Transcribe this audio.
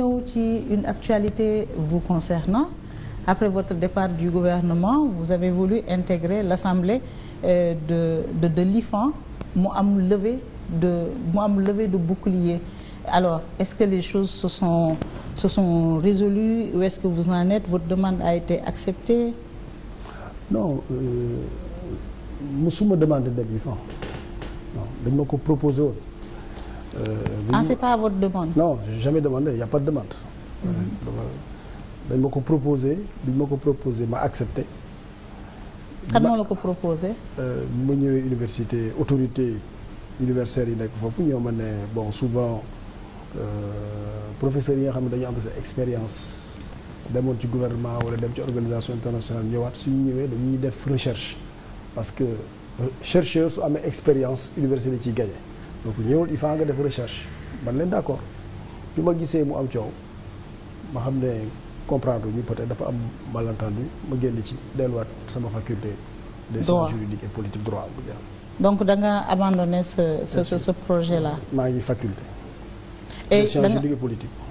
ñëw ci une actualité vous concernant après votre départ du gouvernement vous avez voulu intégrer l'assemblée euh, de de de l'IFAN mu am levée de mu am levée de bouclier alors est-ce que les choses se sont se sont résolues où est-ce que vous en êtes votre demande a été acceptée non euh, musuma demande de l'IFAN non dañ ma ko proposé woon Euh, ah c'est pas votre demande. non j'ai pas de mm-hmm. euh, euh, dañ ma ko proposé biñ ma ko proposé ma accepté. kan moo la ko proposé. ma ñëwee université autorité universitaire yi nekk foofu ñëw ma ne bon souvent professeurs yi nga xam ne dañu am sa expérience demoon ci gouvernement wala dem ci organisation internationale ñëwaat suñu ñëwee dañuy def recherche parce que chercheur su amee expérience université ci gagné. donc ñëwul il faut nga def recherche man leen d'accord bi ma gisee mu am coow ma xam ne comprendre ñu peut dafa am malentendu ma génn ci delluwaat sama faculté des sciences juridiques et politique droit bu donc da nga abandonné ce ce ce projet la maa ngi faculté. et des sciences politique.